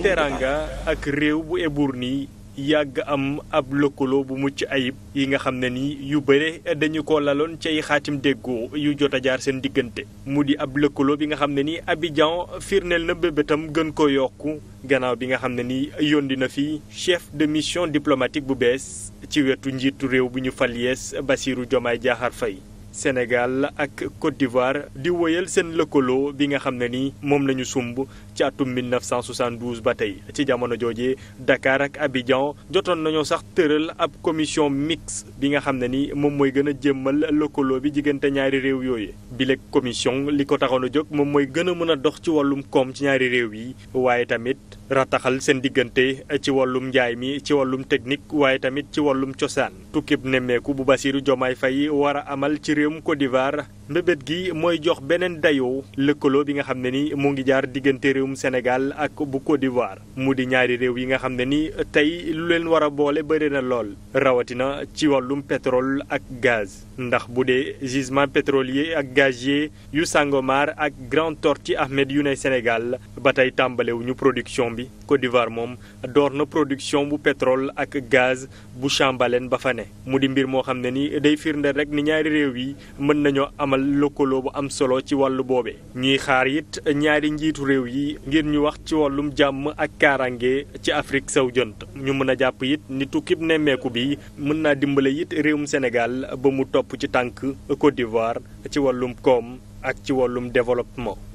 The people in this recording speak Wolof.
teranga ak réew bu Eburni yàgg am ab lëkkaloo bu mucc ayib yi nga xam ne ni yu bëre dañu ko laloon cay xaatim déggoo yu jot a jaar seen diggante mu di ab lëkkaloo bi nga xam ne ni Abidjan firneel na bébétam gën ko yokk gannaaw bi nga xam ne ni yóndi na fi chef de mission diplomatique bu bees ci wetu njiitu réew bu ñu fal yees Bassirou Diomaye Diakhar fay Sénégal ak Côte d'Ivoire di woyal seen lëkkaloo bi nga xam ne ni moom la ñu sumb ci atum 1972 ba tey ci jamono jooje dakaar ak Abidjan jotoon nañoo sax tëral ab commission mixte bi nga xam ne ni moom mooy gën a jëmmal lëkkaloo bi diggante ñaari réew yooyu. bile commission li ko taxoon a jóg moom mooy gën a mën a dox ci wàllum koom ci ñaari réew yi waaye tamit rataxal seen diggante ci wàllum njaay mi ci wàllum technique waaye tamit ci wàllum cosaan tukkib nemmeeku bu Bassirou Diomaye Faye réewum Côte d'Ivoire mbébét gi mooy jox beneen dayoo lëkkaloo bi nga xam ne ni mu ngi jaar diggante mu Sénégal ak bu Côte mu di ñaari réew yi nga xam ne ni tey lu leen war a boole bëri na lool rawatina ci wàllum pétrole ak gaz ndax bu dee gisement pétrolier ak gazier yu Sangomar ak Grand Tortue Ahmed yu ne Sénégal ba tey tàmbalewuñu production bi Côte moom door na production bu pétrole ak gaz bu Chambalène ba fa ne mu di mbir moo xam ne ni day firnde rek ni ñaari réew yi mën nañoo amal amal lëkkaloo bu am solo ci wàllu boobe ñuy xaar it ñaari njiitu réew yi ngir ñu wax ci wàllum jàmm ak kaaraange ci Afrique sow jant ñu mën a jàpp it ni tukkib nemmeeku bi mën naa dimbale it réewum Sénégal ba mu topp ci tànk Côte d'Ivoire ci wàllum koom ak ci wàllum développement